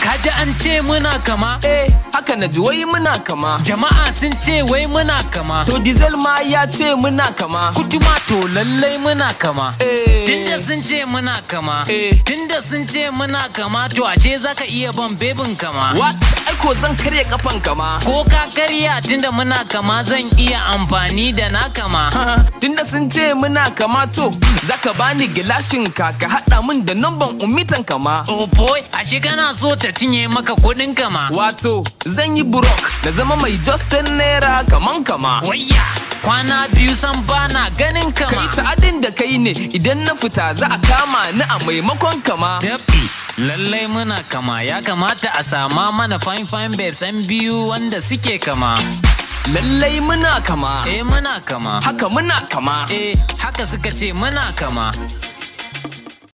Kaji an ce muna kama? Eh, haka na ji wai muna kama. Jama'a sun ce wai muna kama. To diesel ma ya ce muna kama. Kutuma to lallai muna kama. Eh. Tunda sun ce muna kama. Eh. Tunda sun ce muna kama to ashe zaka iya ban bebin kama. What? ko zan karya kafan kama ko ka karya tunda muna kama zan iya amfani da na kama tunda sun ce muna kama to zaka bani gilashin ka ka hada min da numban umitan kama oh boy ashe kana so ta cinye maka kuɗin kama wato zan yi burok na zama mai justin naira kaman kama wayya kwana biyu san bana ganin kama kai ta'adin da kai ne idan na fita za a kama ni a maimakon kama tabbi lallai muna kama ya kamata a sama mana fine fine babes an biyu wanda suke kama lallai muna kama eh muna kama haka muna kama eh haka suka ce muna kama